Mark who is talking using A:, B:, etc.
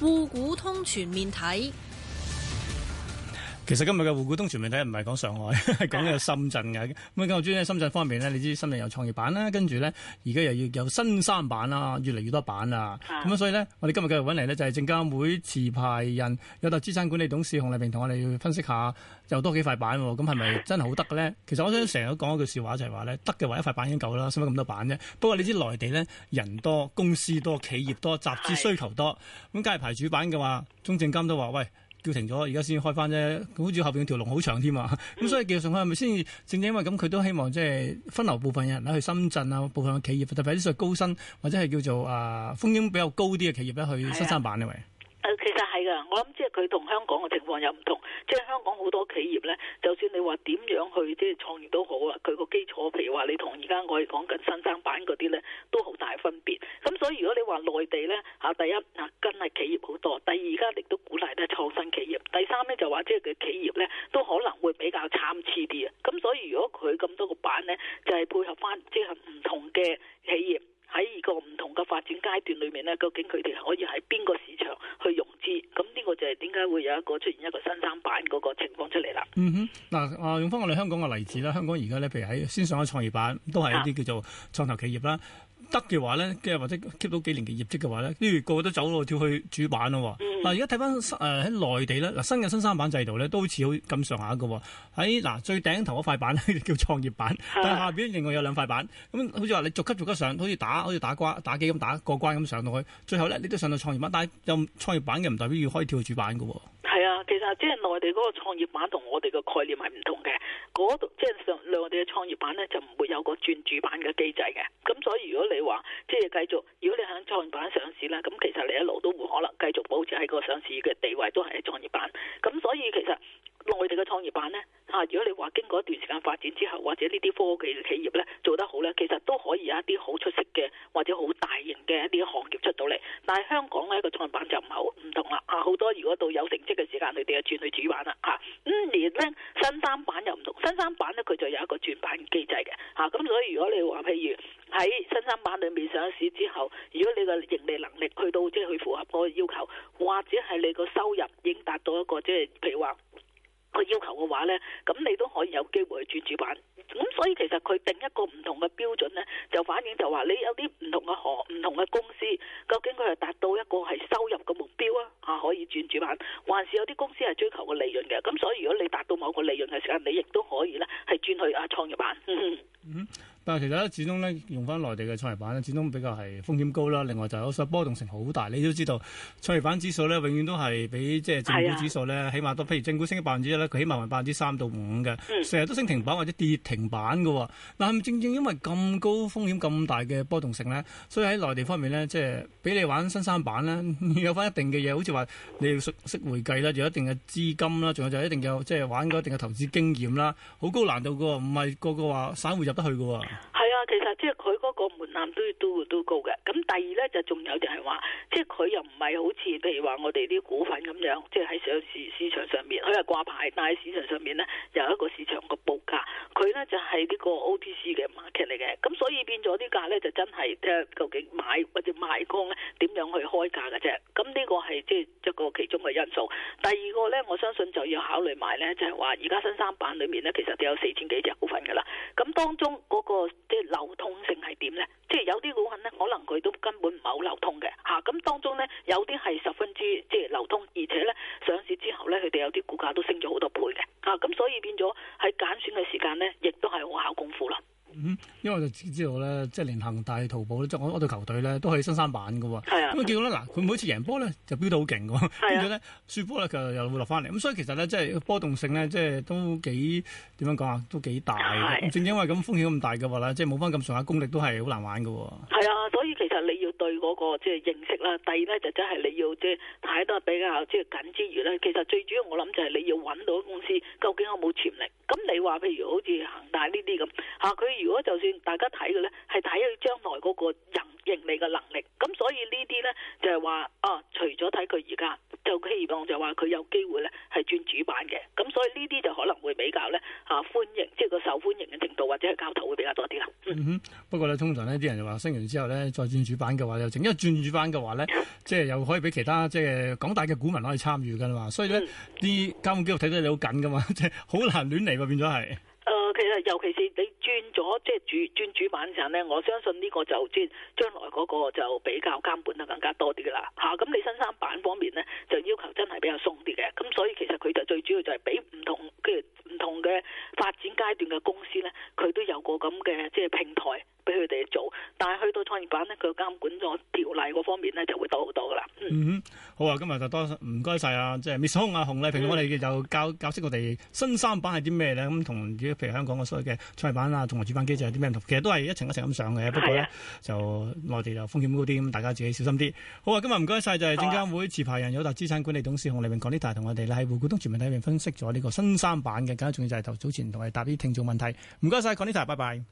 A: 滬股通全面睇。
B: 其實今日嘅滬股通全面睇唔係講上海，係講呢個深圳嘅。咁啊，我知深圳方面呢，你知深圳有創業板啦，跟住呢，而家又要有新三板啦，越嚟越多板啦、uh。咁、huh。所以呢，我哋今日繼續揾嚟呢，就係證監會持牌人、友達資產管理董事熊麗萍同我哋分析下，又多幾塊板喎。咁係咪真係好得嘅咧？其實我想成日都講一句笑話，就係話咧，得嘅話一塊板已經夠啦，使乜咁多板啫？不過你知內地呢，人多、公司多、企業多、集資需求多、uh，咁假如排主板嘅話，中證監都話喂。叫停咗，而家先開翻啫。好似後邊條龍好長添、嗯、啊。咁所以叫上去係咪先？正正因為咁，佢都希望即係分流部分人咧去深圳啊，部分企業，特別係啲高薪或者係叫做啊風險比較高啲嘅企業咧去新三板呢位。
A: 誒、啊們呃，其實係噶，我諗即係佢同香港嘅情況又唔同。即係香港好多企業咧，就算你話點樣去即係創業都好啊，佢個基礎，譬如話你同而家我哋講緊新三板嗰啲咧，都好大分別。咁所以如果你話內地咧嚇，第一啊跟係企業好多，第二而家亦都。啊啊啊啊發展階段裏面咧，究竟佢哋可以喺邊個市場去融資？咁呢個就
B: 係點解會有一個出現一個新三板嗰個情況出嚟啦。嗯哼，嗱，啊，用翻我哋香港嘅例子啦，香港而家咧，譬如喺先上咗創業板，都係一啲叫做創投企業啦。得嘅、啊、話咧，即係或者 keep 到幾年嘅業績嘅話咧，跟住個個都走路跳去主板咯喎。嗯嗱，而家睇翻誒喺內地咧，嗱新嘅新三板制度咧都好似好咁上下嘅喎。喺嗱最頂頭嗰塊板咧 叫創業板，但係下邊另外有兩塊板，咁、嗯、好似話你逐級逐級上，好似打好似打瓜打機咁打過關咁上到去，最後咧你都上到創業板，但係有創業板嘅唔代表要可以跳主板嘅喎、哦。
A: 其實即係內地嗰個創業板同我哋嘅概念係唔同嘅，度即係上內地嘅創業板咧就唔會有個轉主板嘅機制嘅。咁所以如果你話即係繼續，如果你喺創業板上市咧，咁其實你一路都唔可能繼續保持喺個上市嘅地位，都係喺創業板。咁所以其實內地嘅創業板咧，嚇、啊、如果你話經過一段時間發展之後，或者呢啲科技企業咧做得好。又唔同，新三板咧佢就有一個轉板機制嘅，吓咁所以如果你話譬如喺新三板裏面上咗市之後，如果你個盈利能力去到即係、就是、去符合嗰個要求，或者係你個收入已經達到一個即係、就是、譬如話個要求嘅話咧，咁你都可以有機會去轉主板。咁所以其實佢定一個唔同嘅標準咧，就反映就話你有啲唔同嘅行、唔同嘅公司，究竟佢係達。轉主板，還是有啲公司係追求個利潤嘅，咁所以如果你達到某個利潤嘅時間，你亦都可以咧，係轉去啊創業板。嗯
B: 其實咧，始終咧用翻內地嘅創業板咧，始終比較係風險高啦。另外就係嗰個波動性好大。你都知道創業板指數咧，永遠都係比即係正股指數咧，起碼都譬如正股升咗百分之一咧，佢起碼係百分之三到五嘅。成日都升停板或者跌停板嘅喎。嗱，正正因為咁高風險、咁大嘅波動性咧，所以喺內地方面咧，即係俾你玩新三板咧， 有翻一定嘅嘢，好似話你要熟識會計啦，有一定嘅資金啦，仲有就一定有即係玩過一定嘅投資經驗啦，好高難度嘅喎，唔係個個話散戶入得去嘅喎。
A: 門檻都都都高嘅，咁第二咧就仲有就係話。佢又唔係好似譬如話我哋啲股份咁樣，即係喺上市市場上面，佢係掛牌，但係市場上面呢，又有一個市場個報價，佢呢就係、是、呢個 O T C 嘅 market 嚟嘅，咁所以變咗啲價呢，就真係究竟買或者賣光呢，點樣去開價嘅啫，咁呢個係即係一個其中嘅因素。第二個呢，我相信就要考慮埋呢，就係話而家新三板裡面呢，其實都有四千幾隻股份㗎啦，咁當中嗰、那個即係、就是、流通性係點呢？即、就、係、是、有啲股份呢，可能佢都根本唔係好流通嘅。有啲係十分之即係流通，而且咧上市之後咧，佢哋有啲股價都升咗好多倍嘅啊！咁所以變咗喺揀選嘅時間咧，亦都係好考功夫
B: 啦、嗯。因為我知道咧，即係連恒大、淘寶咧，即我嗰球隊咧，都係新三板嘅喎。係啊。咁見到咧，嗱，佢每次贏波咧就飈到好勁嘅，變咗咧輸波咧就又落翻嚟。咁所以其實咧，即係波動性咧，即係都幾點樣講啊？都幾大、啊。啊、正因為咁風險咁大嘅話咧，即係冇翻咁上下功力都係好難玩嘅喎。
A: 係啊。所以其實你要對嗰個即係認識啦，第二咧就真係你要即係睇得比較即係緊之餘咧，其實最主要我諗就係你要揾到公司究竟有冇潛力。咁你話譬如好似恒大呢啲咁嚇，佢如果就算大家睇嘅咧，係睇佢將來嗰個人盈利嘅能力。咁所以呢啲咧就係話啊，除咗睇佢而家，就希望就話佢有機會咧係轉主板嘅。咁所以呢啲就可能會比較咧嚇歡迎，即係個受歡迎嘅程度或者係交
B: 投會比較多啲啦。嗯、不過咧，通常呢啲人就話升完之後咧，再轉主板嘅話又整，因為轉主板嘅話咧，即係又可以俾其他即係廣大嘅股民可以參與噶啦嘛，所以咧啲監管機構睇得到你好緊噶嘛，即係好難亂嚟喎，變咗係。
A: 誒、呃，其實尤其是你轉咗即係轉轉主板陣咧，我相信呢個就轉將來嗰個就比較監管得更加多啲噶啦。嚇、啊，咁你新三板方面咧，就要求真係比較鬆啲嘅，咁所以其實佢就最主要就係俾唔同嘅唔同嘅發展階段嘅公司咧。咁嘅，即係平台。創
B: 業板呢，佢嘅監管咗條例嗰方面呢，就會多好多噶啦。嗯，好啊，今日就多唔該晒啊，即係 Miss 啊，熊麗萍，我哋就教、嗯、教識我哋新三板係啲咩呢？咁同啲譬如香港嘅所謂嘅創業板啊，同埋主板機制有啲咩唔同？其實都係一層一層咁上嘅，不過呢，嗯、就內地、嗯、就風險高啲，咁大家自己小心啲。好啊，今日唔該晒，就係證監會持牌人友達資產管理董事熊麗萍講啲，同我哋喺滬股通全面睇裏面分析咗呢個新三板嘅。緊要就係頭早前同我哋答啲聽眾問題。唔該晒，講啲題，拜拜。